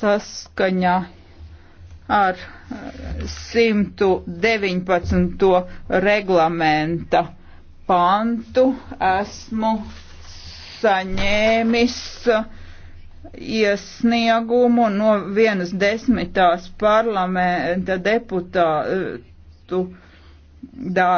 saskaņā ar 119. Eh, reglamenta pantu esmu saņēmis iesniegumu no vienas desmitās parlamenta deputātu dārza.